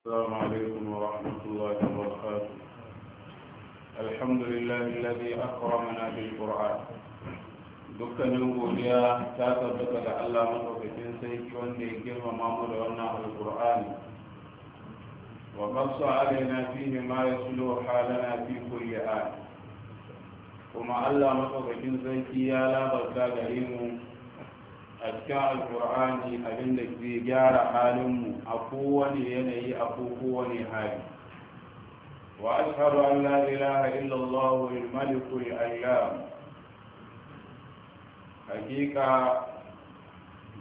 السلام عليكم ورحمة الله وبركاته الحمد لله الذي أكرمنا بالقرآن dukkanin godiya ta tabbata da Allah madaukakin sarki wanda ya girmama mu da wannan alqur'ani wa qassa alaina fihi ma yaslu halana fi kulli an kuma Allah madaukakin sarki ya labarta gare a cikin alkur'ani abin da ke gyara halinmu a kowane yanayi a kowane hali wa ashhadu an la ilaha illa allah al-malik al-ayyam hakika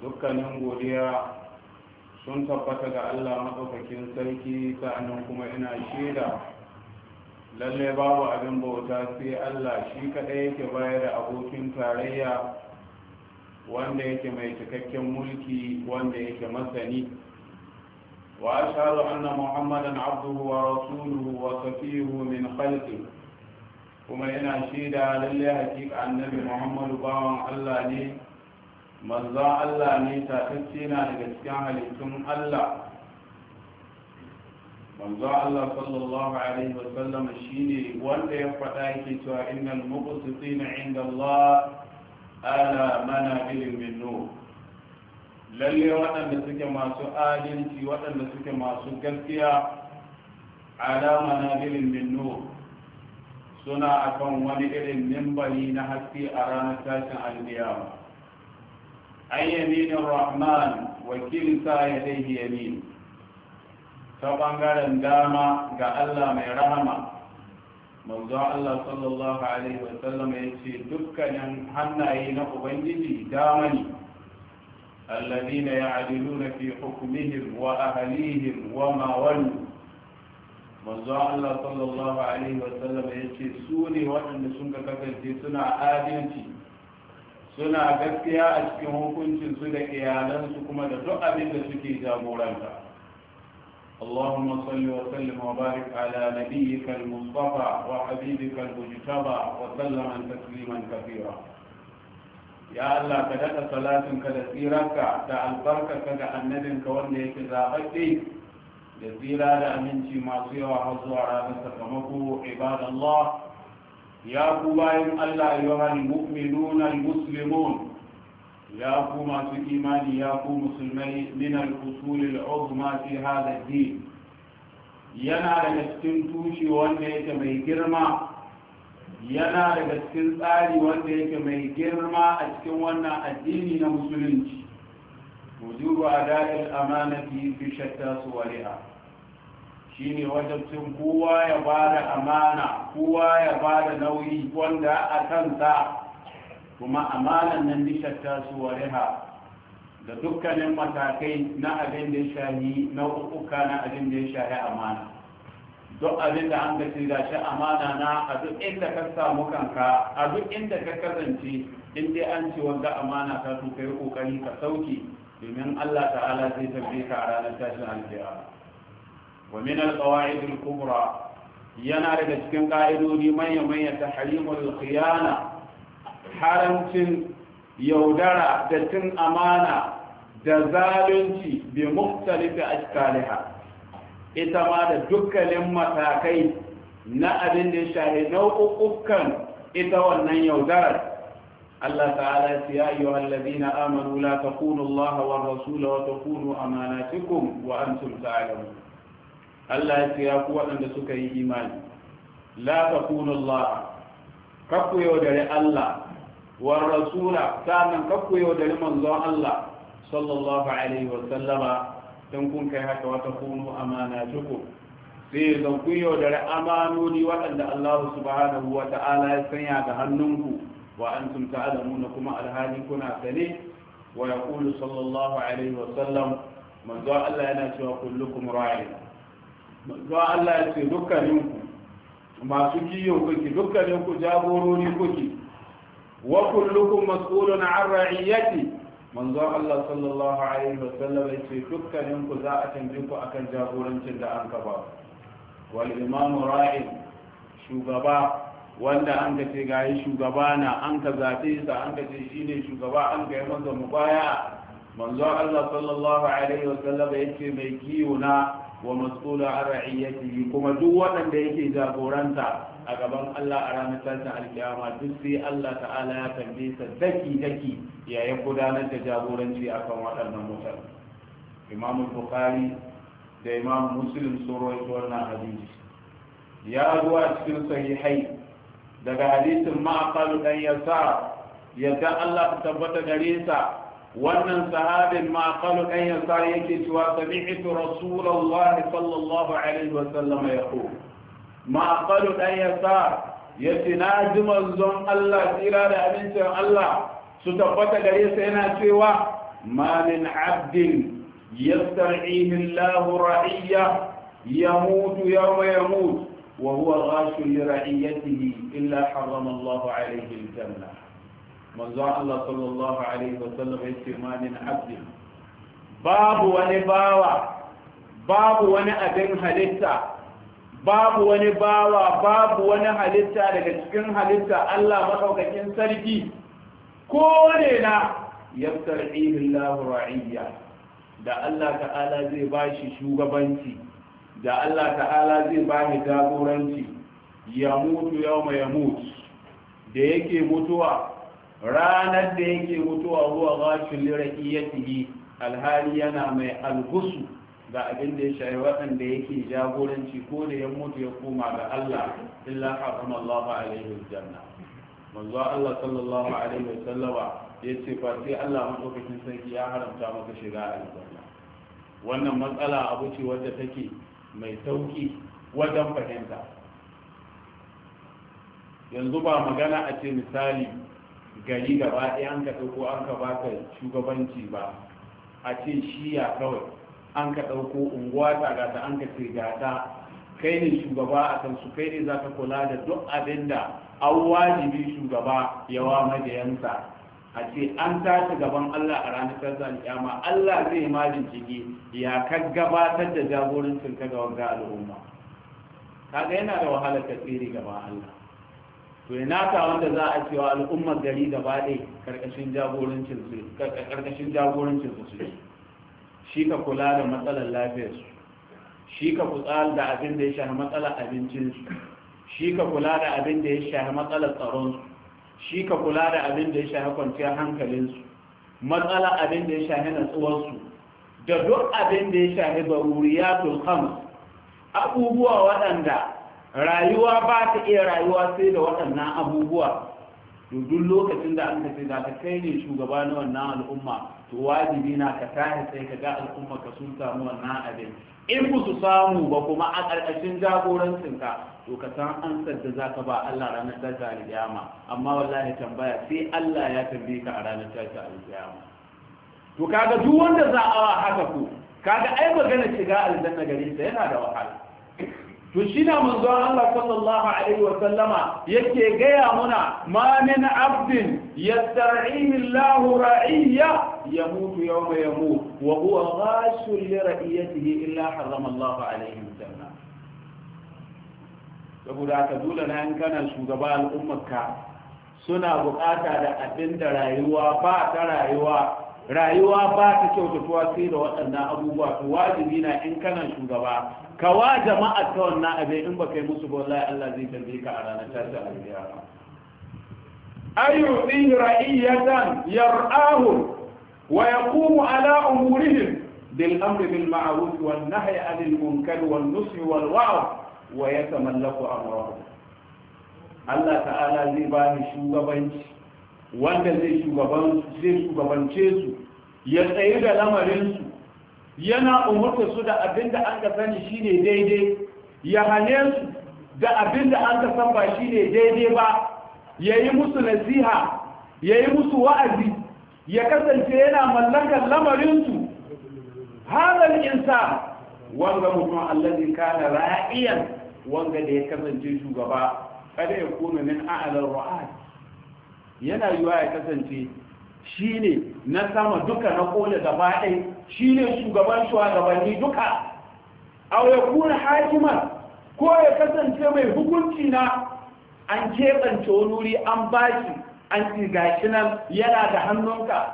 dukkanin godiya sun tabbata ga Allah madaukakin sarki sa'annan kuma ina shaida lalle babu abin bauta sai Allah shi kadai yake bayar da abokin tarayya wanda yake mai cikakken mulki wanda yake masani Wa وأشهد أن wa عبده wa وصفيه min خلقه kuma ina shaida lalle hakika annabi muhammadu bawan allah ne manzon allah ne tatacce na daga cikin halittun allah manzon allah sallallahu alaihi wa wasallam shine wanda ya faɗa yake cewa innal muqsitina inda allah ala manabir min nur lalle waɗanda suke masu adalci waɗanda suke masu gaskiya ala manabir min nur suna akan wani irin mimbari na haske a ranar tashin alƙiyama an yaminin rahman wakilin sa ya dai yamin ta ɓangaren dama ga allah mai rahama manzo Allah sallallahu alaihi wa sallam ya ce dukkanin hannaye na ubangiji dama ne alladina ya'diluna fi hukmihim wa ahlihim wa ma walu manzo Allah sallallahu alaihi wa sallam ya ce su ne waɗanda sun ka kasance suna adalci suna gaskiya a cikin hukuncinsu da iyalansu kuma da duk abin da suke jagoranta اللهم صل وسلم وبارك على نبيك المصطفى وحبيبك المجتبى وسلم تسليما كثيرا يا الله كذا صلاة كدسيرك البركة كذا النبي كوني كذا كذابتي لسيرا لأمنتي ما وحظوا على رابطكمكو عباد الله يا قبائل الله أيها المؤمنون المسلمون يا قوم في إيماني يا قوم مسلمي من الأصول العظمى في هذا الدين yana daga cikin tushe wanda yake mai girma yana daga cikin tsari wanda yake mai girma a cikin wannan addini na musulunci wujubu ada'il amanati fi shatta suwariha shine wajabcin kowa ya bada amana kowa ya bada nauyi wanda a kansa kuma amanan nan nishatta su wariha da dukkanin matakai na abin da ya shahi na uka na abin da ya shahi amana duk abin da an gaci da shi amana na a duk inda ka samu kanka a duk inda ka kasance in dai an ci wanda amana ka su kai kokari ka sauki domin Allah ta'ala zai tabbe ka a ranar tashin alkiyama wa min al-qawaid al-kubra yana daga cikin ka'idodi manya manya tahrimul khiyana haramcin yaudara da cin amana da zalunci bi muhtalifi ashkaliha ita ma da dukkanin matakai na abin da ya shahi ita wannan yaudarar Allah ta'ala ya yi wa allazina amanu la takunu Allah wa rasula wa takunu amanatikum wa antum ta'lamun Allah ya ku waɗanda suka yi imani la takunu Allah kakku yaudare Allah war rasula sannan kakku yau da manzon Allah sallallahu alaihi wa sallama dan kun kai haka wata kunu amana tuku sai zan kun yau da amanoni waɗanda Allah subhanahu wa ta'ala ya sanya ga hannunku wa antum ta'lamuna kuma alhali kuna sane wa ya yaqulu sallallahu alaihi wa sallam manzo Allah yana cewa kullukum ra'in manzo Allah ya ce dukkaninku masu kiyo kuke dukkaninku jagorori kuke wa kullukum mas'ulun an ra'iyati manzo Allah sallallahu alaihi wasallam yace dukkanin ku za a tambaye ku akan jagorancin da an kaba wal imam ra'in shugaba wanda an ka ce gayi shugaba na an ka zaɓe sa an ka ce shine shugaba an ka yi mu mubaya manzo Allah sallallahu alaihi wasallam yace mai kiwo wa mas'ula an ra'iyati kuma duk waɗanda yake jagoranta a gaban Allah a ranar tashin alkiyama duk sai Allah ta'ala ya tambaye sa daki daki yayin gudanar da jagoranci akan waɗannan mutane Imam Bukhari da Imam Muslim sun rawaito wannan hadisi ya zo a cikin sahihai daga hadisin ma'aqal dan yasa yadda Allah ta tabbata gare sa wannan sahabin ma kalu ɗan yasa yake cewa sami'tu rasulullahi sallallahu alaihi wa sallam ya ma'aƙalu ɗan yasa ya ce na ji manzon Allah tsira da abincin Allah su tabbata gare sa yana cewa ma min abdin yastar'ihi Allah ra'iyya yamutu yawma yamut wa huwa ghashun li ra'iyatihi illa harrama Allah alayhi al-janna manzon Allah sallallahu alaihi wa sallam ya ce ma min abdin babu wani bawa babu wani abin halitta babu wani bawa babu wani halitta daga cikin halitta Allah maɗaukakin sarki ko ne na yaftar ihillahu ra'iyya da Allah ta'ala zai ba shi shugabanci da Allah ta'ala zai ba shi jagoranci ya mutu yau mai mutu da yake mutuwa ranar da yake mutuwa zuwa gashin lira'iyyatihi alhali yana mai alhusu ga abin da ya shayi waɗanda yake jagoranci ko da ya mutu ya koma ga Allah illa haram Allah ba alaihi janna manzo Allah sallallahu alaihi ya ce fa Allah madaukakin sarki ya haramta maka shiga aljanna wannan matsala abu ce wadda take mai sauki wajen fahimta yanzu ba magana a ce misali gari gaba ɗaya an ka ɗauko an ka baka shugabanci ba a ce shiya kawai an ka ɗauko unguwa ta gata an ka ce kai ne shugaba a kan su kai ne za ka kula da duk abin da an wajibi shugaba yawa madayansa a ce an tashi gaban Allah a ranar tasar kyama Allah zai ma ciki ya ka gabatar da jagorancin ka ga wanga al'umma kaga yana da wahala ta tsiri gaba Allah to ina ka wanda za a cewa al'ummar gari gaba ɗaya karkashin jagorancin su karkashin jagorancin su shi ka kula da matsalar lafiyarsu shi ka kula da abin da ya shahi matsalar abincinsu shi ka kula da abin da ya shahi matsalar tsaronsu shi ka kula da abin da ya shahi kwanciyar hankalinsu matsalar abin da ya shahi natsuwarsu da duk abin da ya shafi baruriyatul khams abubuwa waɗanda rayuwa ba ta iya rayuwa sai da waɗannan abubuwa duk lokacin da an ka ce za ka kai ne shugaba na wannan al'umma to wajibi na ka tashi sai ka ga al'umma ka sun samu wannan abin in ku su samu ba kuma a ƙarƙashin jagorancin ka to ka san ansar da zaka ba Allah ranar tashi alƙiyama amma wallahi tambaya sai Allah ya tambaye ka a ranar tashi alƙiyama to kaga duk wanda za a haka ku kaga ai magana shiga aljanna gare sa yana da wahala to shi na manzon Allah sallallahu alaihi wa sallama yake gaya muna ma min abdin yastar'ihi Allah ra'iyya yamutu yawma yamut wa huwa ghashul li ra'iyatihi illa harrama Allah alaihi janna saboda haka dole na in kana shugaba al'ummarka suna bukata da abinda rayuwa ba ta rayuwa rayuwa ba ta kyautatuwa sai da waɗannan abubuwa to wajibi na in kana shugaba ka wa jama'a ta wannan abe in ba kai musu ba wallahi Allah zai tambaye ka a ranar tashi alƙiyama ayu'ti ra'iyatan yar'ahu wa yaqumu ala umurihim bil amri bil ma'ruf wan nahyi 'anil munkar wan nusr wal wa'd wa yatamallaku amrahu Allah ta'ala zai ba ni shugabanci wanda zai shugabance su ya tsaye da lamarinsu yana umurta su da abin da an ka sani shine daidai ya hane su da abin da an ka san ba shine daidai ba ya yi musu nasiha ya yi musu wa'azi ya kasance yana mallakar lamarinsu hazar insa wanga mutum zai kana ra'iyan wanga da ya kasance shugaba kada ya kuna min a'alar ra'ad yana yiwa ya kasance shi ne na sama duka na kone gaba ɗai shi ne shugaban shugabanni duka a kuna hakiman ko ya kasance mai hukunci na an keɓance wani wuri an bashi an tsigashinan yana da hannunka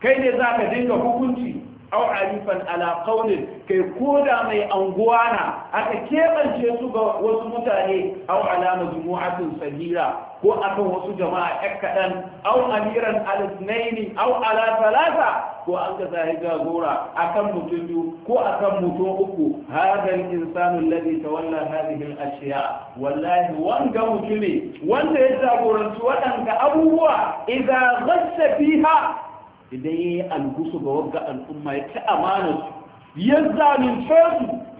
kai ne za ka dinga hukunci au alifan ala qawlin kai koda mai anguwa na aka kebance su ga wasu mutane au alama majmu'atin sagira ko akan wasu jama'a ƴan kaɗan au amiran al au ala ko an ga zai a akan mutum biyu ko kan mutum uku hada al-insanu alladhi ta wannan al-ashya wallahi wanda mutune wanda ya jagoranci waɗanda abubuwa idza ghassa fiha idan ya yi algusu ga wagga al'umma ya ci amana su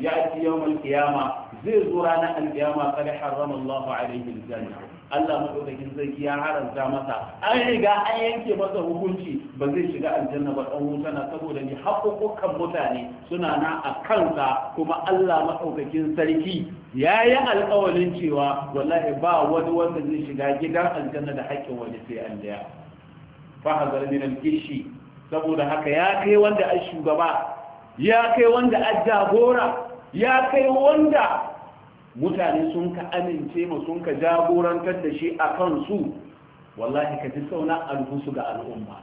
ya ya ci yau kiyama zai zo ranar alkiyama kada harrama Allahu alaihi aljanna Allah madaukakin sarki ya haramta masa an riga an yanke masa hukunci ba zai shiga aljanna ba dan wuta na saboda ni haƙoƙokan mutane suna na a kansa kuma Allah madaukakin sarki ya yi alƙawalin cewa wallahi ba wani wanda zai shiga gidan aljanna da haƙƙin wani sai an daya fahazar min kishi saboda haka ya kai wanda a shugaba ya kai wanda a jagora ya kai wanda mutane sun ka amince ma sun ka jagorantar da shi a kansu wallahi ka ji sauna alhusu ga al'umma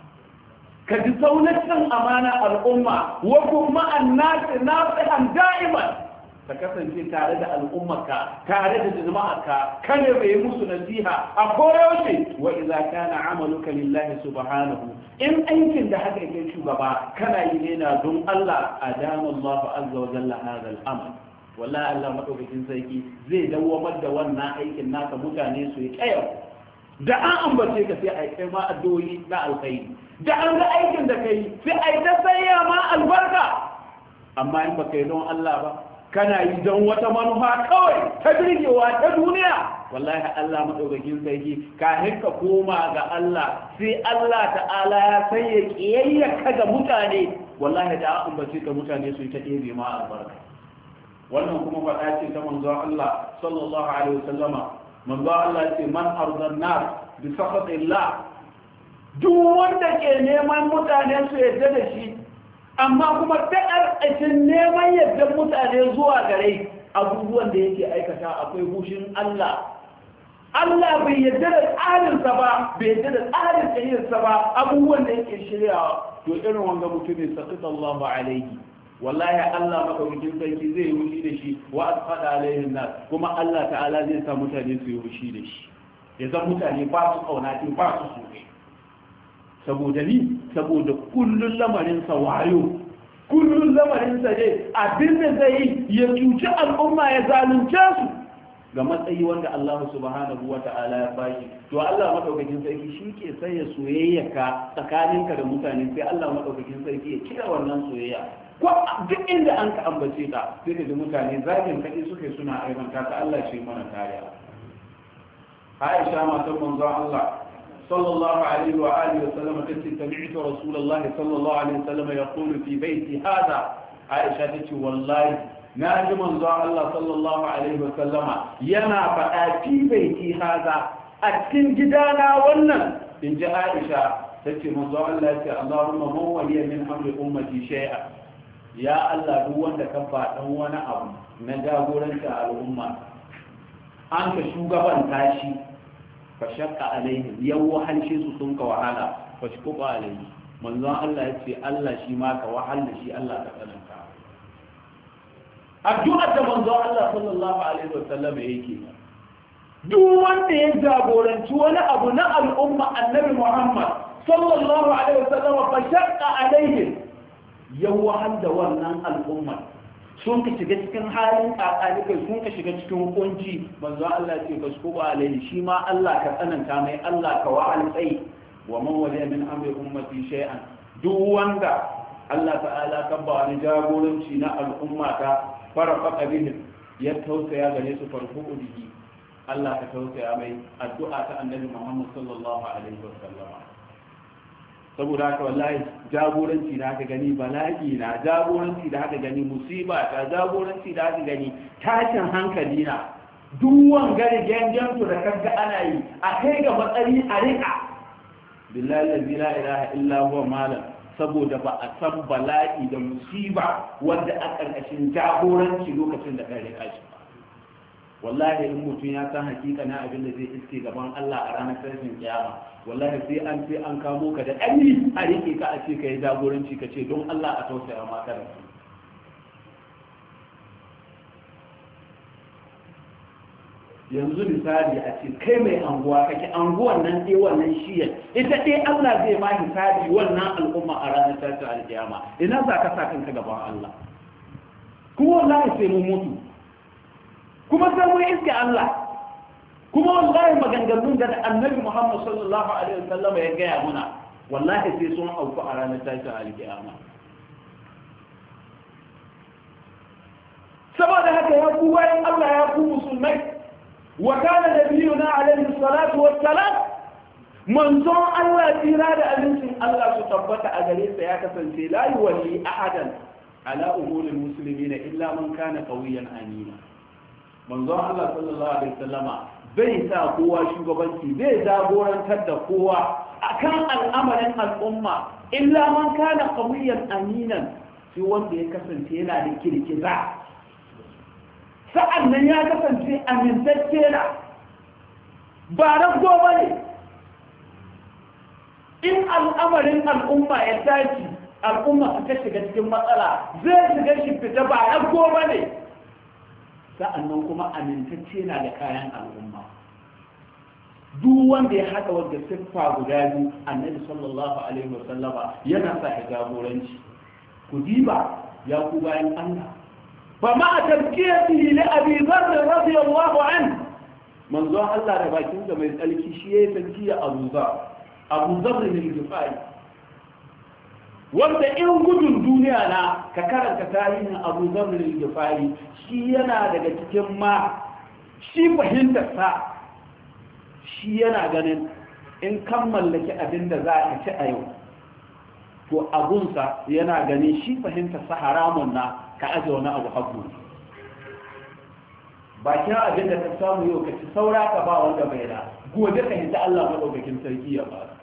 ka ji saunacin amana al'umma wa kuma annasi an da'iman ka kasance tare da al'ummarka tare da jama'arka kada mai musu nasiha a koyaushe wa idza kana amaluka lillahi subhanahu in aikin da haka yake shugaba kana yi ne na don Allah adama Allah azza wa jalla hadha al-amr wallahi Allah madaukakin sarki zai dawwamar da wannan aikin naka mutane su yi kayar da an ambace ka sai ai kai ma addu'o'i na alkhairi da an ga aikin da kai sai ai ta sayya ma albarka amma in baka yi don Allah ba kana yi don wata manufa kawai ta birgewa ta duniya wallahi Allah maɗaukakin sarki kafin ka koma ga Allah sai Allah ta'ala ya sanya ƙiyayyaka ga mutane wallahi da an bace ka mutane su ta ɗebe ma albarka wannan kuma faɗa ce ta manzo Allah sallallahu alaihi wasallama manzo Allah ce man arzan nar bi safatillah duk wanda ke neman mutane su yadda da shi amma kuma ta ƙarƙashin neman yadda mutane zuwa gare abubuwan da yake aikata akwai hushin Allah Allah bai yadda da tsarinsa ba bai yadda da tsarin tsayinsa ba abubuwan da yake shiryawa to irin wanga mutumin sakita Allah ba alaihi wallahi Allah madaukakin sarki zai yi wushi da shi wa asfada alaihin nan kuma Allah ta'ala zai sa mutane su yi wushi da shi ya zan mutane ba su kauna ba su so saboda ni saboda kullun lamarinsa wayo kullun lamarinsa ne abin da zai yi ya cuci al'umma ya zalunce su ga matsayi wanda Allah subhanahu wa ta'ala ya bashi to Allah madaukakin sarki shi ke sanya soyayya ka tsakaninka da mutane sai Allah madaukakin sarki ya kira wannan soyayya ko duk inda an ka ambace ta sai da mutane zagin kaɗi suke suna aibanta ta Allah shi mana kariya Aisha matan manzon Allah صلى الله عليه وآله وسلم قلت سمعت رسول الله صلى الله عليه وسلم يقول في بيتي هذا عائشة والله ناجم الله صلى الله عليه وسلم ينا فآتي بيتي هذا أتن جدانا ونن إن جاء عائشة تتي منذ الله اللهم من ولي من أمر أمتي شيئا يا الله دو wanda ka faɗan wani abu na jagoranta al'umma an ka shugaban tashi fa shaqqa alaihim yawo halshe su sun ka wahala fa shaqqa alaihim manzon Allah ya ce Allah shi ma ka wahala shi Allah ka tsananta addu'ar da manzon Allah sallallahu alaihi wasallam yake duk wanda ya jagoranci wani abu na al'umma annabi Muhammad sallallahu alaihi wasallam fa shaqqa alaihim yawo da wannan al'umma. sun ka shiga cikin halin kakani kai sun ka shiga cikin hukunci. manzo Allah ce ba su ba alai shi ma Allah ka tsananta mai Allah ka wa'al tsayi wa man wali min amri ummati shay'an duk wanda Allah ta'ala ka ba wani jagoranci na al'umma ta farafa kabilin ya tausaya gare su farko ubihi Allah ka tausaya mai addu'a ta annabi Muhammad sallallahu alaihi wasallam saboda haka wallahi jagoranci da haka gani bala'i na jagoranci da haka gani musiba ta jagoranci da haka gani tashin hankali na Duwan gari gangan da kanka ana yi a kai ga matsari a rika billahi la ilaha illa huwa malam saboda ba a san bala'i da musiba wanda a ƙarƙashin jagoranci lokacin da kai rika shi wallahi in mutum ya san hakika na abin da zai iske gaban Allah a ranar tashin kiyama wallahi sai an sai an kamo ka da ɗani a rike ka a ce ka yi jagoranci ka ce don Allah a tausaya maka da yanzu misali a ce kai mai anguwa kake anguwan nan ɗaya wannan shiyar ita ɗaya Allah zai ma hisabi wannan al'umma a ranar tashin alkiyama ina za ka sa kanka gaban Allah kuma wallahi sai mun mutu kuma sai mun iske Allah kuma wallahi maganganun da annabi Muhammad sallallahu alaihi wasallam ya gaya muna wallahi sai sun auku a ranar tashin alkiyama saboda haka ya ku bayan Allah ya ku musulmai wa kana nabiyuna alaihi salatu wassalam manzon Allah tsira da abincin Allah su tabbata a gare sa ya kasance la yuwalli ahadan ala umuril muslimina illa man kana qawiyan amina manzon Allah sallallahu alaihi wasallama bai sa kowa shugabanci bai jagorantar da kowa akan al'amarin al'umma illa man kana qawiyan aminan shi wanda ya kasance yana da kirkiza sa'an nan ya kasance amintacce na ba rago goma ne in al'amarin al'umma ya tashi al'umma su ta shiga cikin matsala zai shiga shi fita ba rago goma ne sa'annan kuma amintacce na da kayan al'umma duk wanda ya haɗa wadda siffa guda biyu annabi sallallahu alaihi wasallama yana sa hijaboranci ku diba ya ku bayan Allah fa ma tabkiyati li abi dharr radiyallahu an manzo Allah da bakin da mai tsarki shi yayi tsalki ya Abu Dharr Abu da ne wanda in gudun duniya na ka karanta tarihin abu zamrin Fari shi yana daga cikin ma shi fahimtarsa shi yana ganin in kan mallaki abin da za a ci a yau to abunsa yana gani, shi fahimtarsa haramun na ka aje wani abu hagu bakin abin da ka samu yau ka ci saura ka ba wanda bai da gobe ka hita Allah maɗaukakin sarki ya ba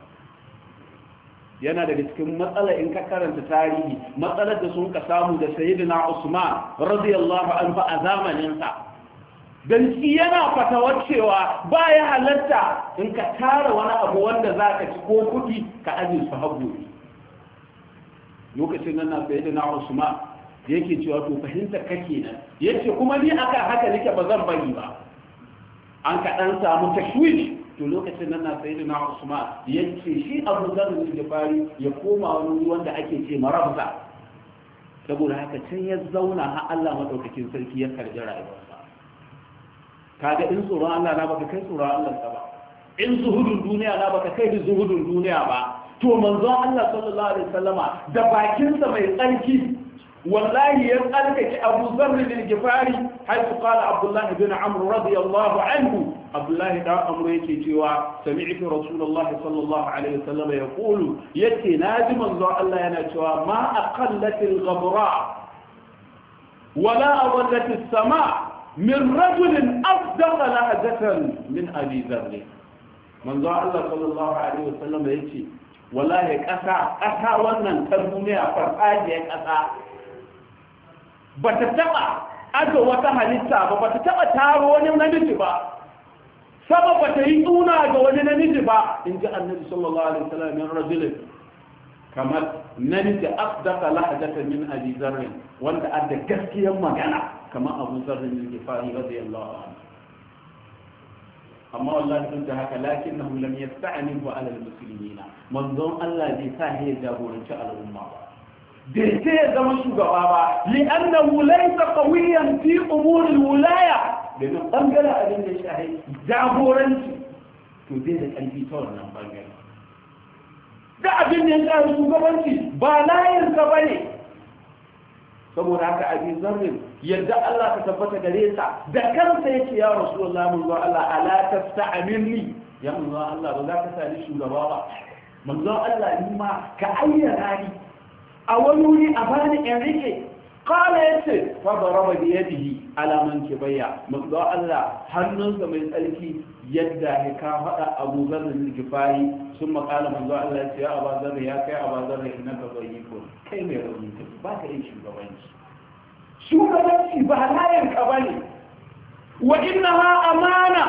yana daga cikin matsala in ka karanta tarihi matsalar da sun ka samu da sayyidina Usman radiyallahu anhu a zamanin sa dan shi yana fatawar cewa ba ya halatta in ka tara wani abu wanda za ka ci ko kuɗi ka aje su hagu lokacin nan na sayyidina Usman yake cewa to fahimta kake nan yace kuma ni aka haka nake ba zan bari ba an ka dan samu tashwish to lokacin nan na sayi na usman ya shi abu zarin da fari ya koma wani ruwan da ake ce marabza saboda haka can ya zauna har Allah madaukakin sarki ya karbi rayuwarsa kaga in tsoron Allah na baka kai tsoron Allah ba in zuhudun duniya na baka kai zuhudun duniya ba to manzon Allah sallallahu alaihi wasallama da bakinsa mai tsarki wallahi ya tsarkake Abu Zarr bin Gifari har qala Abdullah bin Amr radiyallahu anhu abdullahi da amru yake cewa sami'tu rasulullahi sallallahu alaihi wasallam yaqulu yace naji manzo Allah yana cewa ma aqallatil ghabra wala awlatis sama min rajulin afdala lahajatan min abi dharr manzo Allah sallallahu alaihi wasallam yace wallahi kasa kasa wannan ta duniya farfajiyar kasa bata taba aka wata halitta ba bata taba taro wani namiji ba sama ba ta yi tsuna ga wani namiji ba in ji annabi sallallahu alaihi wasallam min rajulin kamar namiji afdaka lahjata min abi zarri wanda adda gaskiyar magana kamar abu zarri ne ke fari radiyallahu anhu amma wallahi duk da haka lakinnahu lam yasta'ni wa ala almuslimina manzon Allah bai sa ya jagoranci al'umma ba bai sai ya zama shugaba ba li'annahu laysa qawiyan fi umuri alwilaya domin ɓangaren abin da shahi jagoranci to zai da ƙarfi ta wannan ɓangare da abin da ya shahi shugabanci ba layinsa ba ne saboda haka abin zarrin yadda Allah ka tabbata gare sa da kansa yake ya Allah mun zo Allah ala ni, ya mun zo Allah ba za ka sani shugaba ba mun zo Allah ni ma ka ayyana ni a wani wuri a bani in rike kala ya ce fada raba da ya bihi alaman ke Allah hannunsa mai tsarki yadda ya ka faɗa abubuwan da zai gifayi sun makala mazuwa Allah ce ya abazar ya kai abazar ya nan gaba yi ko kai ba ka yin shugabanci ba layin ka ba ne wa inna ha amana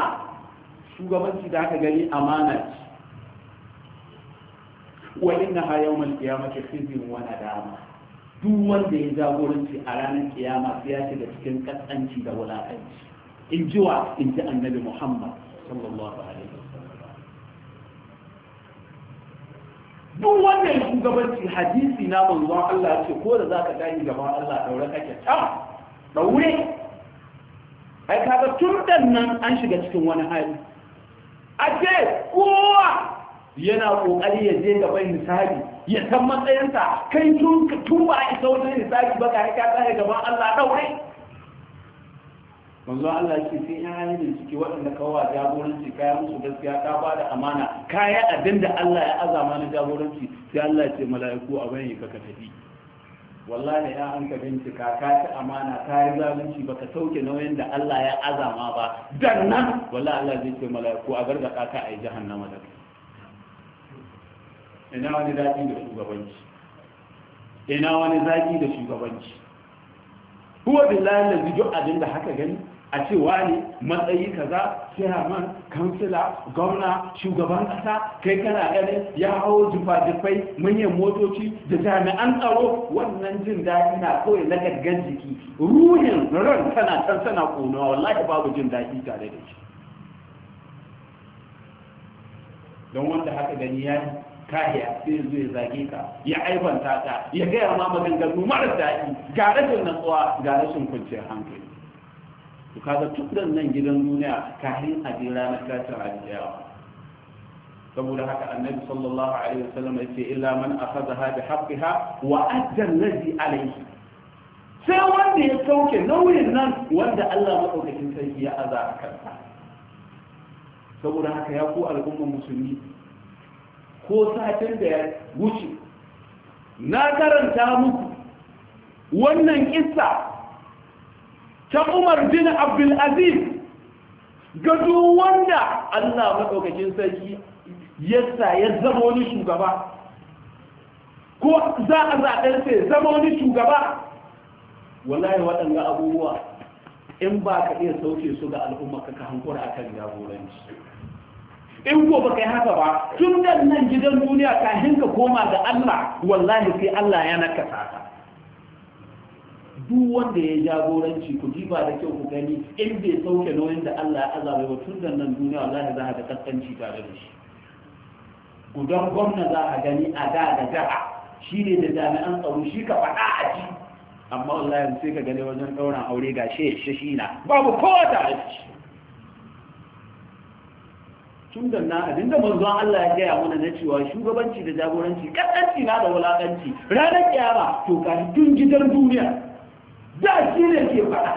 shugabanci da aka gani amana ce wa inna ha yawmal qiyamati khizrun wa nadama duk wanda ya jagoranci a ranar kiyama sai ya shiga cikin katsanci da wulakanci in ji wa in ji annabi muhammad sallallahu alaihi duk wanda ya shugabanci hadisi na manzo Allah ce ko da zaka dani gaban Allah daure kake tam daure ai kaga tun nan an shiga cikin wani hali a ce kowa yana kokari ya je gaban misali ya san matsayinsa kai tun tuba a isa wani hisabi ba kai ka tsaya gaban Allah ɗaure. manzo Allah ya ce sai ya yi da ciki waɗanda a jagoranci kaya musu gaskiya ka ba da amana kaya abin da Allah ya azama na jagoranci sai Allah ya ce mala'iku a bayan ka ka tafi wallahi ya an ka bincika ka ci amana ka yi zalunci baka sauke nauyin da Allah ya azama ba dan nan wallahi Allah zai ce mala'iku a gargada ka a yi jahannama da kai ina wani zaki da shugabanci ina wani zaƙi da shugabanci huwa billahi abin da haka gani a ce wani matsayi kaza chairman kansila gwamna shugaban kasa kai kana ganin ya hau jifa-jifai manyan motoci da jami'an tsaro wannan jin daɗi na kawai na gaggan jiki ruhin ran tana can sana ƙonawa wallahi babu jin daɗi tare da shi don wanda haka gani ya yi. kahiya sai zo ya zage ka ya aibanta ta ya gaya ma maganganu mara daɗi ga rashin natsuwa ga rashin kwanciyar hankali to kaga tuddan nan gidan duniya kahin a je ranar tashin aljiyawa saboda haka annabi sallallahu alaihi wasallam ya ce illa man akhadha bi haqqiha wa adda alladhi alayhi sai wanda ya sauke nauyin nan wanda Allah madaukakin sarki ya aza a kansa saboda haka ya ku al'ummar musulmi ko satin da ya wuce na karanta muku wannan kissa ta umar bin abdulaziz ga wanda allah maɗaukakin sarki yasa ya zama wani shugaba ko za a zaɓensa sai zama wani shugaba wallahi waɗanda abubuwa in ba ka iya sauke su ga al'umma ka hankura kan jagoranci in ko baka yi haka ba tun da nan gidan duniya ka ka koma ga Allah wallahi sai Allah ya naka ka duk wanda ya jagoranci ku ba da kyau ku gani in bai sauke nauyin da Allah ya azabe ba tun da nan duniya wallahi za ka ga kaskanci tare da shi gudan gwamna za a gani a da da da shi ne da jami'an tsaro shi ka faɗa a ji amma wallahi sai ka gani wajen ɗaurin aure ga shi shi na babu kowa tare da shi tun da na abinda manzon Allah ya gaya mana na cewa shugabanci da jagoranci kadanci na da wulakanci ranar kiyama to ka tun gidan duniya da shi ne ke faɗa.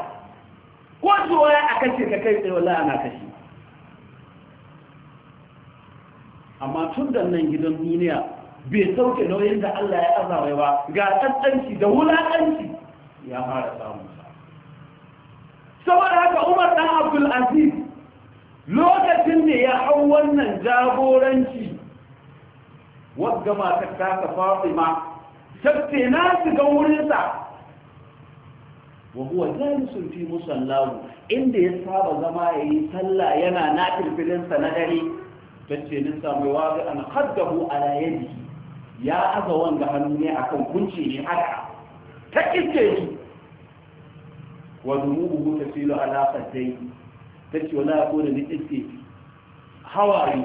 ko cewa a kace ka kai tsaye wallahi ana kashi amma tun da nan gidan duniya bai sauke nauyin da Allah ya azawai ba ga kadanci da wulakanci ya fara samun sa saboda haka Umar dan Abdul Aziz wannan jagoranci wadda mata ta ka fatima sabte na su ga wurinsa wa huwa jalisun fi musallahu inda ya saba zama ya yi sallah yana na tilfilinsa na dare tace nin samu wazi an qaddahu ala yadi ya aza wanda hannu ne akan kunci ne haka ta iske shi wa dumuhu tasilu ala fatai tace wala da ni iske hawaye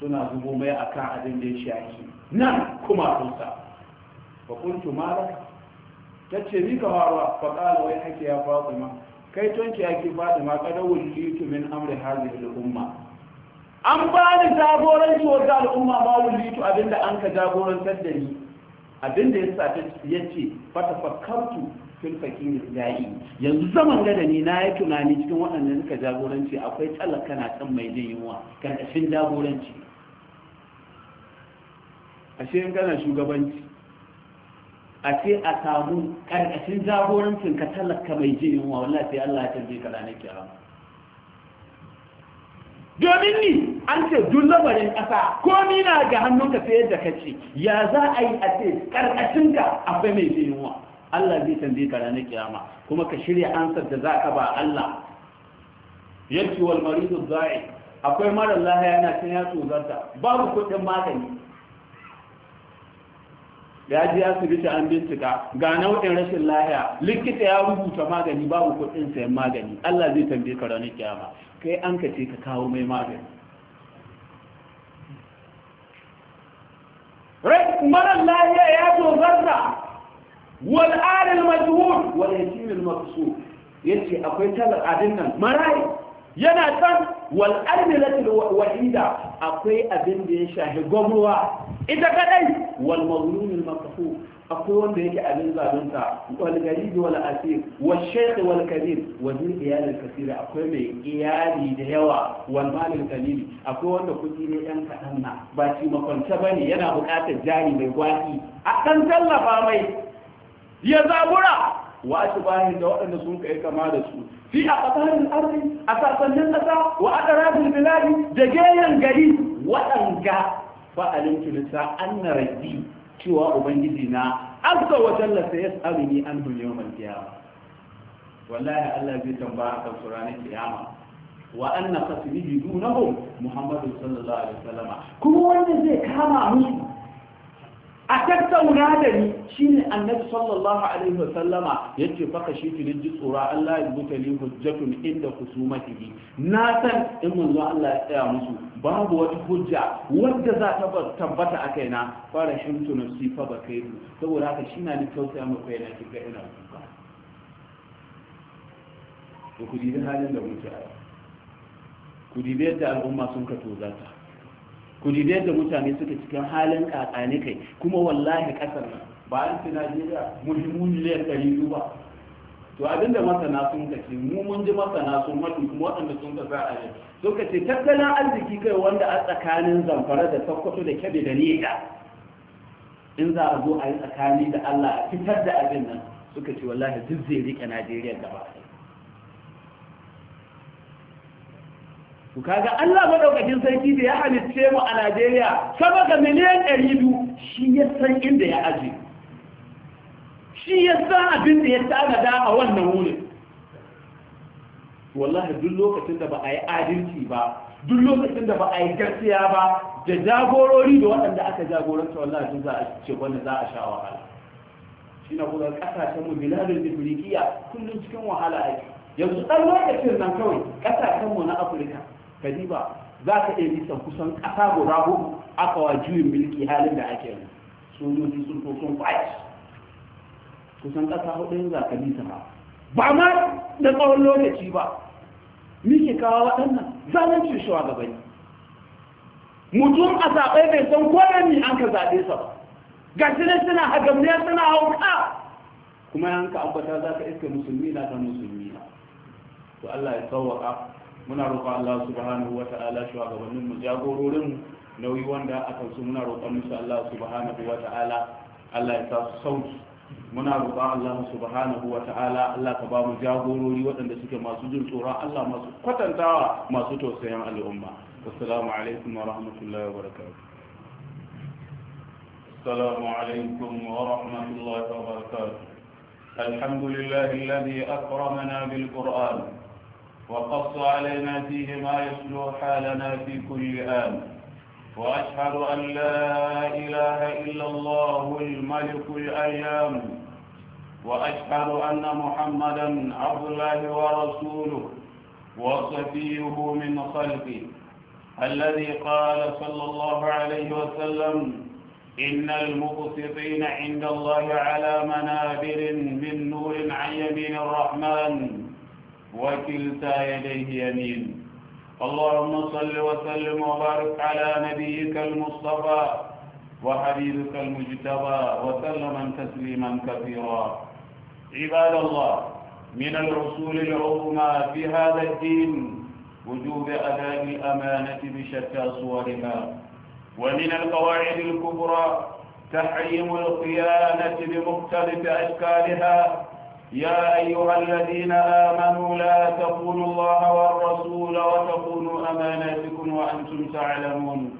suna zubo mai akan abin da ya shaki nan kuma kusa. ba kuntu Ta ce ni ka fara fa qala wai hake ya ma kai tonki ma ƙada kada yi tumin amri hadhihi al'umma an ba ni jagoranci wata al'umma ba abin abinda an ka jagorantar da ni abinda ya sa ta yace filfakin yayi yanzu zaman gada ne na yi tunani cikin waɗanda suka jagoranci akwai talaka na can mai jin yunwa karkashin jagoranci ce in kana shugabanci a ce a samu karkashin jagorancin ka talaka mai jin yunwa wallahi sai Allah ya tarbe ka ranar kiyama domin ni an ce duk lamarin ƙasa ni na ga hannunka sai yadda ka ce ya za a yi a ce karkashin ka akwai mai jin yunwa Allah zai tambaye ka ranar kiyama kuma ka shirya ansar da za ka ba Allah yanki wal maridu za'i akwai marar lahaya yana cin ya tsogarta babu kudin magani ya ji ya asibiti an bincika ga nau'in rashin lahaya, likita ya rubuta magani babu kudin sayan magani Allah zai tambaye ka ranar kiyama kai an ka ce ka kawo mai magani rai mara lahiya ya tsogarta Wal'adar alil majhul wal yatim al maqsur yace akwai talar adin nan marai yana san wal almilatil wahida akwai abin da ya shahi gwamnuwa ita kadai wal mazlumil akwai wanda yake abin zalunta wal garibi wal asir wal shaykh wal kabir wa zil akwai mai iyali da yawa wal malil akwai wanda kudi ne dan kaɗan na ba shi ba ne. yana buƙatar jari mai gwaki a dan tallafa mai ya zabura wa atbahin da waɗanda sun kai kama da su fi a ƙasarin arzi a sassanin ƙasa wa adarabin biladi da geyen gari waɗanga fa'alin tulisa an na rabbi cewa ubangiji na azza wa jalla sai yas'aluni an dunya yawmal qiyamah wallahi Allah zai tambaya kan suranin ranar kiyama wa biyu na dunahum Muhammadu sallallahu alaihi wasallam kuma wanda zai kama musu a tattauna da ni shine annabi sallallahu alaihi wasallama ce, faka shi tilin ji tsoro Allah ya buta li hujjatun inda ku kusumatihi na san in manzo Allah ya tsaya musu babu wata hujja wadda za ta tabbata a kaina fara shimtu nafsi fa bakaitu saboda haka shi shina ni tausaya mu kaina kika ina kuka to ku dibi halin da muke a ku dibi yadda al'umma sun ka tozata ku ji da mutane suka cikin halin kakani kai kuma wallahi kasar nan ba an ci najeriya muhimmin miliyan ɗari biyu ba to abinda masana sun kace mu mun ji masana sun haɗu, kuma waɗanda sun ka za a yi ka ce tattalin arziki kai wanda a tsakanin zamfara da sakkwato da kebe da niyya in za a zo a yi tsakani da allah a fitar da abin nan suka ce wallahi duk zai riƙe najeriya gaba ɗaya to kaga Allah madaukakin sarki da ya halicce mu a Najeriya sama ga miliyan 200 shi ya san inda ya aje shi ya san abin da ya tanada a wannan wurin wallahi duk lokacin da ba a yi adalci ba duk lokacin da ba a yi gaskiya ba da jagorori da waɗanda aka jagoranta wallahi duk za a ce wanda za a sha wahala shi na kuma ƙasashen mu biladun afirikiya kullum cikin wahala ake yanzu ɗan lokacin nan kawai ƙasashen mu na afirka ba za ka iya nisan kusan ƙasa guda hudu aka wa juyin milki halin da ake yi sojoji sun to sun kwaya kusan ƙasa hudu za ka nisa ba ba ma da tsawon lokaci ba ni ke kawo waɗannan zanen shawa gaba ne mutum a zaɓe bai san kowane ni an ka zaɓe sa ba ga shi ne suna hagamne suna hauka kuma yanka ambata za ka iske musulmi na ta musulmi na to Allah ya tsawaka muna roƙon Allah subhanahu wa ta'ala shugabannin mu jagororin nauyi wanda aka su muna roƙon musu Allah subhanahu wa ta'ala Allah ya sa sauki muna roƙon Allah subhanahu wa ta'ala Allah ka ba mu jagorori waɗanda suke masu jin tsoron Allah masu kwatantawa masu tausayin al'umma assalamu alaikum wa rahmatullahi wa barakatuh السلام عليكم ورحمة الله وبركاته الحمد لله الذي أكرمنا بالقرآن وقص علينا فيه ما يسلو حالنا في كل آن وأشهد أن لا إله إلا الله الملك الأيام وأشهد أن محمدا عبد الله ورسوله وصفيه من خلقه الذي قال صلى الله عليه وسلم إن المقسطين عند الله على منابر من نور عن يمين الرحمن وكلتا يديه يمين اللهم صل وسلم وبارك على نبيك المصطفى وحبيبك المجتبى وسلم تسليما كثيرا عباد الله من الرسول العظمى في هذا الدين وجوب أداء الأمانة بشتى صورها ومن القواعد الكبرى تحريم الخيانة بمختلف أشكالها يا أيها الذين آمنوا لا تخونوا الله والرسول وتقولوا أماناتكم وأنتم تعلمون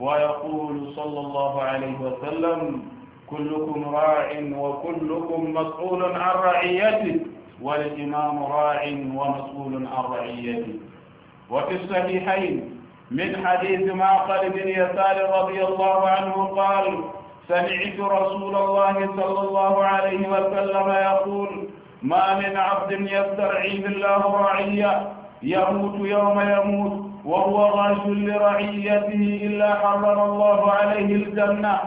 ويقول صلى الله عليه وسلم كلكم راع وكلكم مسؤول عن رعيته والإمام راع ومسؤول عن رعيته وفي الصحيحين من حديث معقل بن يسار رضي الله عنه قال سمعت رسول الله صلى الله عليه وسلم يقول ما من عبد يسترعي بالله رعية يموت يوم يموت وهو غاش لرعيته إلا حرم الله عليه الجنة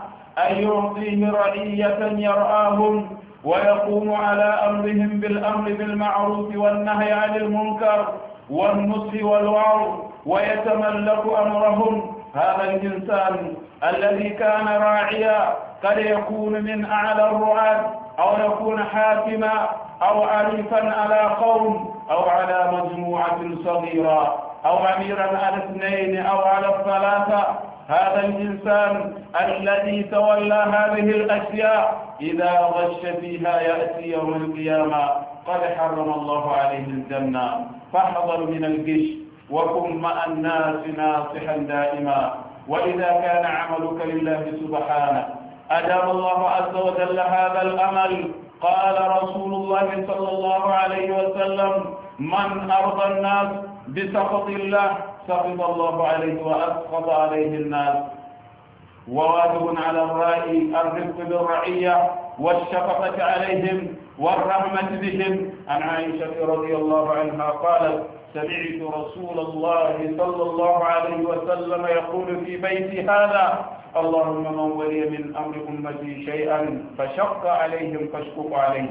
أن يعطيه رعية يرآهم ويقوم على أمرهم بالأمر بالمعروف والنهي عن المنكر والنصح والوعظ ويتملك أمرهم هذا الإنسان الذي كان راعيا قد يكون من أعلى الرعاة أو يكون حاكما أو أليفا على قوم أو على مجموعة صغيرة أو أميرا على اثنين أو على الثلاثة هذا الإنسان الذي تولى هذه الأشياء إذا غش فيها يأتي يوم القيامة قد حرم الله عليه الجنة فاحذر من الغش وكن مع الناس ناصحا دائما وإذا كان عملك لله سبحانه أدام الله عز وجل هذا الأمل قال رسول الله صلى الله عليه وسلم من أرضى الناس بسخط الله سخط الله عليه وأسخط عليه الناس وواجب على الرأي الرفق بالرعية والشفقة عليهم والرحمة بهم عن عائشة رضي الله عنها قالت سمعت رسول الله صلى الله عليه وسلم يقول في بيتي هذا اللهم من ولي من أمر أمتي شيئا فشق عليهم فاشقق عليه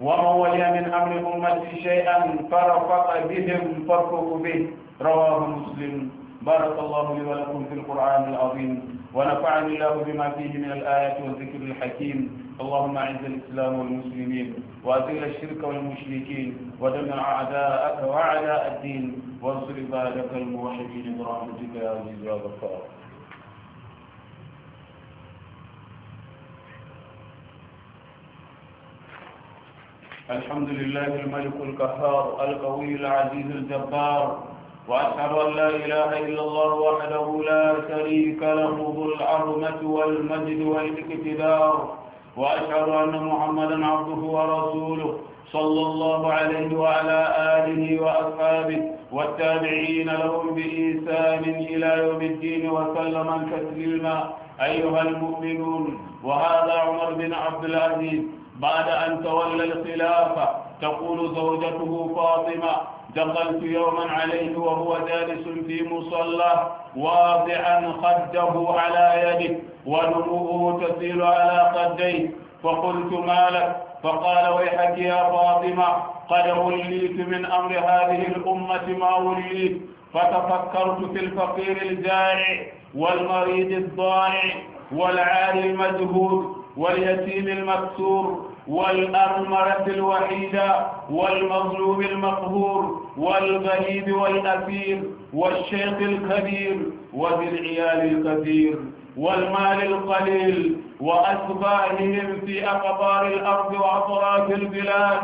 ومن ولي من أمر أمتي شيئا فرفق بهم فارفق به رواه مسلم بارك الله لي ولكم في القرآن العظيم ونفعني الله بما فيه من الآيات والذكر الحكيم اللهم اعز الإسلام والمسلمين وأذل الشرك والمشركين ودمع أعداءك وأعداء الدين وانصر عبادك الموحدين برحمتك يا عزيز يا غفار الحمد لله الملك القهار القوي العزيز الجبار وأشهد أن لا إله إلا الله وحده لا شريك له ذو العظمة والمجد والاقتدار وأشهد أن محمدا عبده ورسوله صلى الله عليه وعلى آله وأصحابه والتابعين لهم بإيسان إلى يوم الدين وسلم تسليما أيها المؤمنون وهذا عمر بن عبد العزيز بعد أن تولى الخلافة تقول زوجته فاطمة دخلت يوما عليه وهو جالس في مصلى واضعا خده على يده ونموه تسيل على قديه فقلت ما لك فقال ويحك يا فاطمة قد وليت من أمر هذه الأمة ما وليت فتفكرت في الفقير الجائع والمريض الضائع والعالي المجهود واليتيم المكسور والأرمرة الوحيدة والمظلوم المقهور والغريب والأسير والشيخ الكبير وذي العيال الكثير والمال القليل وأسبابهم في أقطار الأرض وأطراف البلاد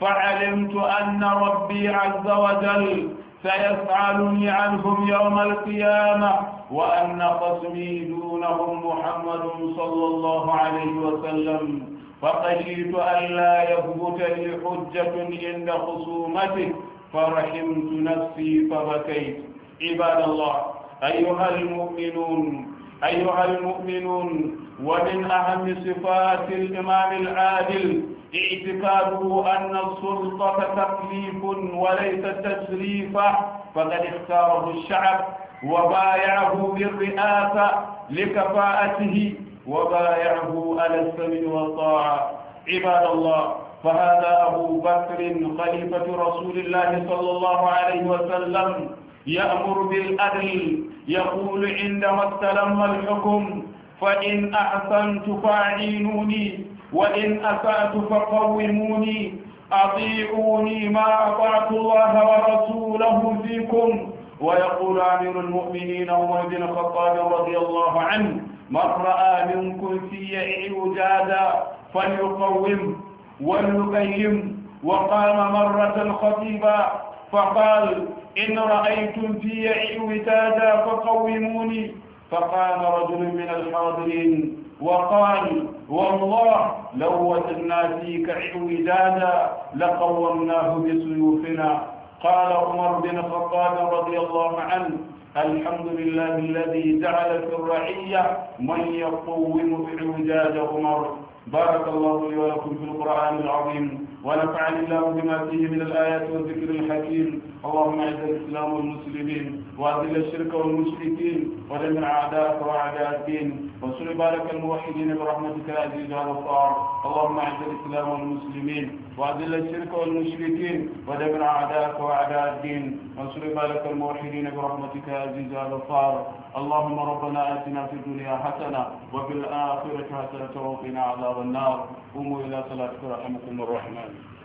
فعلمت أن ربي عز وجل سيسألني عنهم يوم القيامة وأن قسمي دونهم محمد صلى الله عليه وسلم فخشيت ألا يثبت لي حجة عند خصومته فرحمت نفسي فبكيت عباد الله أيها المؤمنون أيها المؤمنون ومن أهم صفات الإمام العادل اعتقاده أن السلطة تكليف وليس تشريفا فقد اختاره الشعب وبايعه بالرئاسة لكفاءته وبايعه على السمع والطاعة عباد الله فهذا أبو بكر خليفة رسول الله صلى الله عليه وسلم يأمر بالأدل يقول عندما استلم الحكم فإن أحسنت فأعينوني وإن أسأت فقوموني أطيعوني ما أطعت الله ورسوله فيكم ويقول أمير المؤمنين عمر بن الخطاب رضي الله عنه راى منكم في عجادا فليقوم وليقيم وقام مرة خطيبا فقال إن رأيتم في عتادا فقوموني فقام رجل من الحاضرين وقال والله لو وجدنا فيك عوجادا لقومناه بسيوفنا قال عمر بن الخطاب رضي الله عنه الحمد لله الذي جعل في الرعية من يقوم حجاج عمر بارك الله لي ولكم في القرآن العظيم ونفعني الله بما فيه من الآيات والذكر الحكيم اللهم اعز الاسلام والمسلمين واذل الشرك والمشركين ودمر اعداءك واعداء الدين وانصر بارك الموحدين برحمتك يا عزيز الغفار اللهم اعز الاسلام والمسلمين واذل الشرك والمشركين ودمر اعداءك واعداء الدين وانصر بارك الموحدين برحمتك يا عزيز الغفار اللهم ربنا اتنا في الدنيا حسنه وفي الاخره حسنه وقنا عذاب النار قوموا الى صلاتكم رحمكم الرحمن